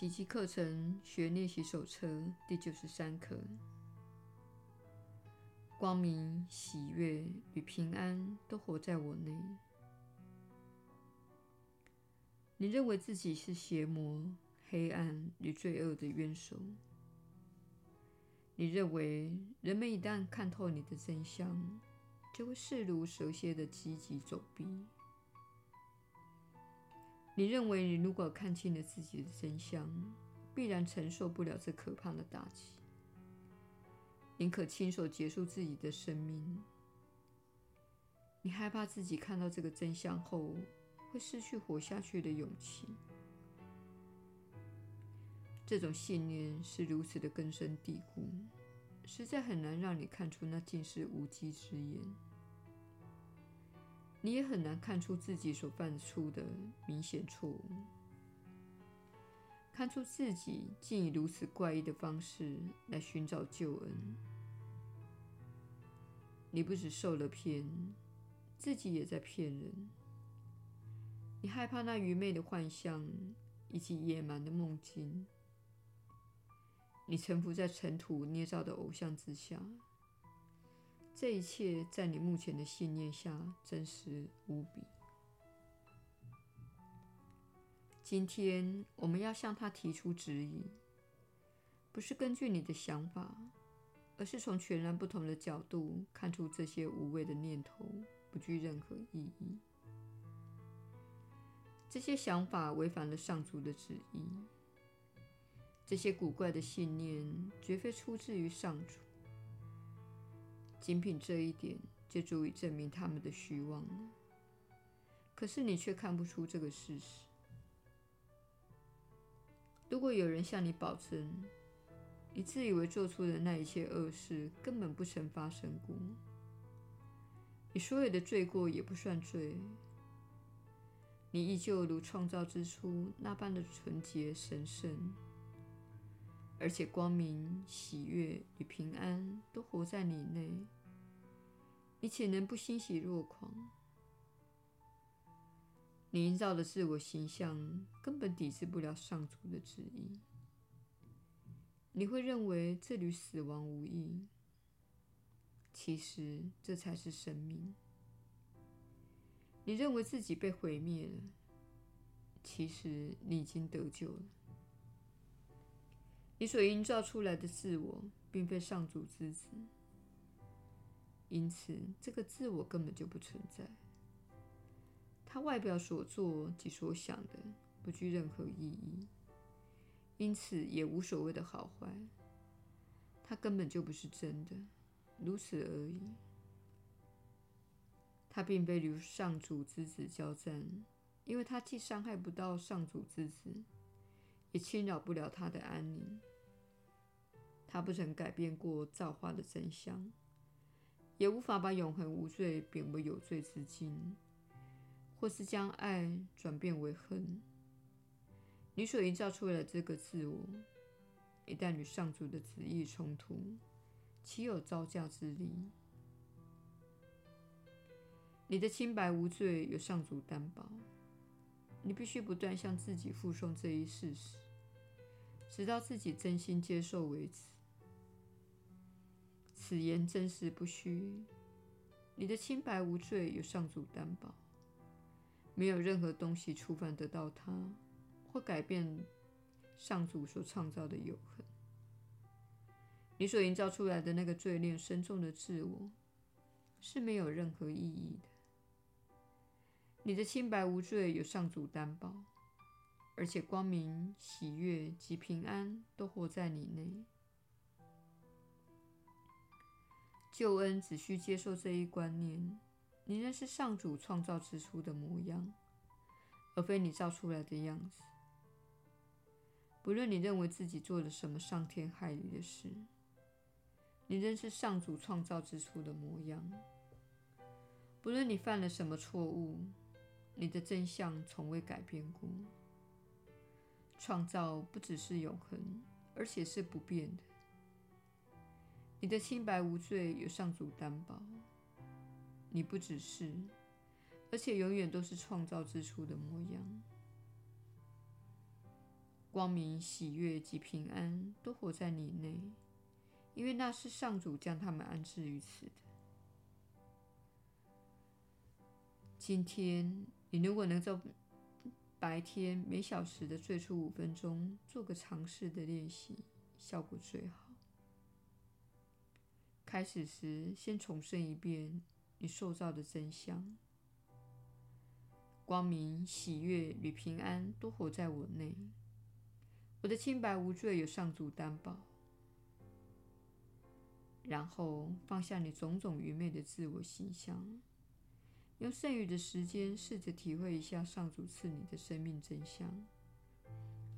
奇蹟課程學員練習手冊第九十三課：光明、喜悅與平安都活在我內。你認為自己是邪魔、黑暗與罪惡的淵藪？你認為人們一旦看透你的真相，就會視如蛇蠍地急急走避？你認為，你如果看清了自己的真相，必然承受不了這可怕的打擊，寧可親手結束自己的生命。你害怕自己看到這個真相後，會失去活下去的勇氣。這種信念是如此的根深蒂固，實在很難讓你看出那竟是無稽之言。你也很難看出自己所犯出的明顯錯誤，看出自己竟以如此怪異的方式來尋找救恩。你不只受了騙，自己也在騙人。你害怕那愚昧的幻象以及野蠻的夢境，你臣服在塵土捏造的偶像之下。這一切在你目前的信念下真實無比。今天我們要向他提出質疑，不是根據你的想法，而是從全然不同的角度看出這些無謂的念頭不具任何意義。這些想法違反了上主的旨意。這些古怪的信念絕非出自於上主。僅憑這一點就足以證明他們的虛妄了。可是你卻看不出這個事實。如果有人向你保證，你自以為做出的那一切惡事根本不曾發生過，你所有的罪過也不算罪，你依舊如創造之初那般的純潔神聖，而且光明、喜悅與平安都活在你內。你豈能不欣喜若狂？你營造的自我形象根本抵制不了上主的旨意。你會認為這與死亡無異，其實這才是生命。你認為自己被毀滅了，其實你已經得救了。你所營造出來的自我，並非上主之子。因此，這個自我根本就不存在。他外表所做及所想的不具任何意義，因此也無所謂的好壞。他根本就不是真的，如此而已。他並非與上主之子交戰，因為他既傷害不到上主之子，也侵擾不了他的安寧。他不曾改變過造化的真相。也無法把永恆無罪貶為有罪之境，或是將愛轉變為恨。你所營造出來的這個自我，一旦與上主的旨意衝突，豈有招架之力？你的清白無罪由上主擔保，你必須不斷向自己複誦這一事實，直到自己真心接受為止。此言真實不虛，你的清白無罪有上主擔保，沒有任何東西觸犯得到它，或改變上主所創造的永恆。你所營造出來的那個罪孽深重的自我，是沒有任何意義的。你的清白無罪有上主擔保，而且光明、喜悅及平安都活在你內。救恩只需接受這一觀念：你仍是上主創造之初的模樣，而非你造出來的樣子。不論你認為自己做了什麼傷天害理的事，你仍是上主創造之初的模樣。不論你犯了什麼錯誤，你的真相從未改變過。創造不只是永恆，而且是不變的。你的清白無罪由上主擔保，你不只是，而且永遠都是創造之初的模樣。光明、喜悅及平安都活在你內，因為那是上主將他們安置於此的。今天，你如果能在白天每小時的最初五分鐘做個嘗試的練習，效果最好。開始時，先重申一遍你受造的真相：光明、喜悅與平安都活在我內。我的清白無罪有上主擔保。然後放下你種種愚昧的自我形象，用剩餘的時間試着體會一下上主賜你的生命真相，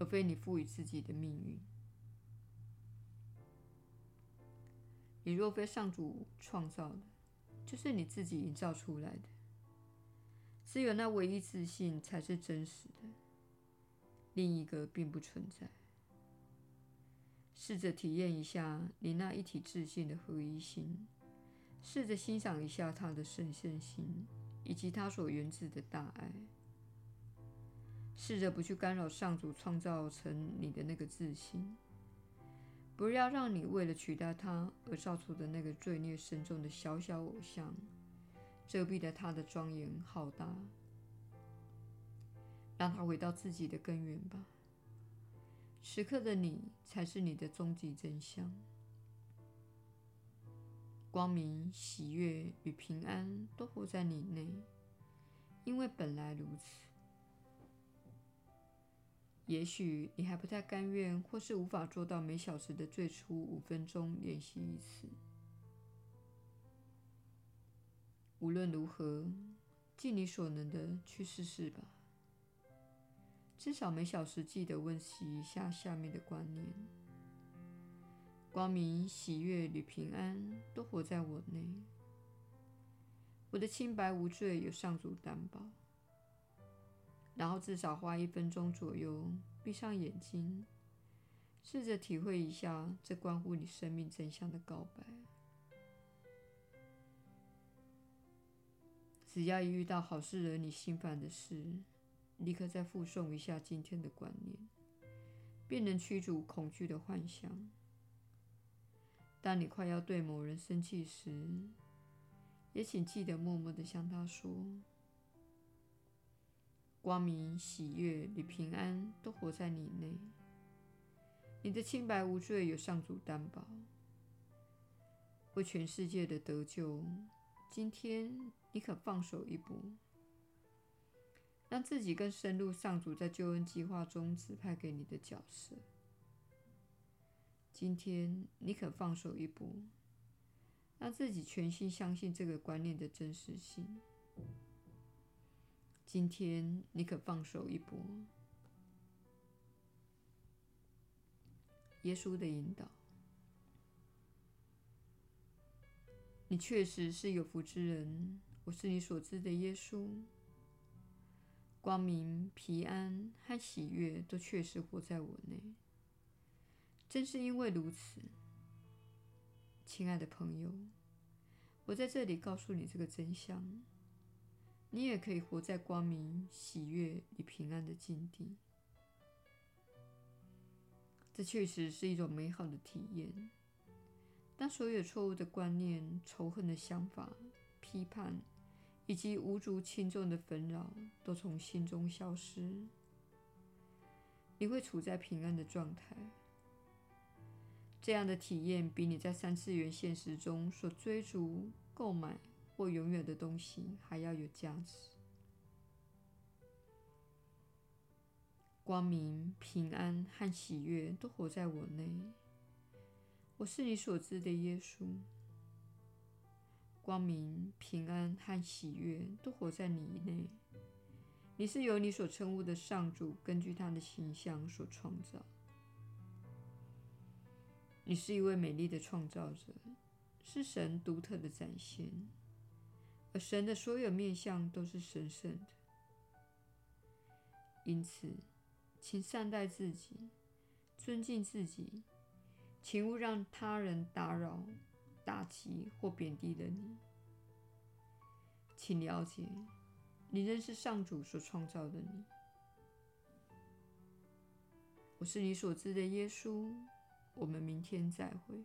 而非你賦予自己的命運。你若非上主創造的，就是你自己營造出來的。只有那唯一自性才是真實的，另一個並不存在。試着體驗一下你那一體自性的合一性，試着欣賞一下他的神聖心以及他所源自的大愛。試着不去干擾上主創造成你的那個自性。不要讓你為了取代他而造出的那個罪孽深重的小小偶像，遮蔽了他的莊嚴浩大。讓他回到自己的根源吧。此刻的你才是你的終極真相。光明、喜悅與平安都活在你內，因為本來如此。也許你還不太甘願，或是無法做到每小時的最初五分鐘練習一次。無論如何，盡你所能的去試試吧。至少每小時記得溫習一下下面的觀念：光明、喜悅與平安都活在我內。我的清白無罪有上主擔保。然後至少花一分鐘左右，閉上眼睛，試着體會一下這關乎你生命真相的告白。只要一遇到好事惹你心煩的事，立刻再複誦一下今天的觀念，便能驅逐恐懼的幻想。當你快要對某人生氣時，也請記得默默地向他說。光明、喜悅與平安都活在你內。你的清白無罪有上主擔保。為全世界的得救，今天你可放手一搏，讓自己更深入上主在救恩計劃中指派給你的角色。今天你可放手一搏，讓自己全心相信這個觀念的真實性。今天你可放手一搏。耶穌的引導，你確實是有福之人。我是你所知的耶穌，光明、平安和喜悅都確實活在我內。正是因為如此，親愛的朋友，我在這裡告訴你這個真相。你也可以活在光明、喜悅與平安的境地，這確實是一種美好的體驗。當所有錯誤的觀念、仇恨的想法、批判以及無足輕重的紛擾都從心中消失，你會處在平安的狀態。這樣的體驗比你在三次元現實中所追逐、購買。或永遠的東西還要有價值。光明、平安和喜悅都活在我內。我是你所知的耶穌。光明、平安和喜悅都活在你內。你是由你所稱呼的上主，根據他的形象所創造。你是一位美麗的創造者，是神獨特的展現。而神的所有面向都是神聖的，因此，請善待自己，尊敬自己，請勿讓他人打擾、打擊或貶低了你。請了解，你認識上主所創造的你。我是你所知的耶穌。我們明天再會。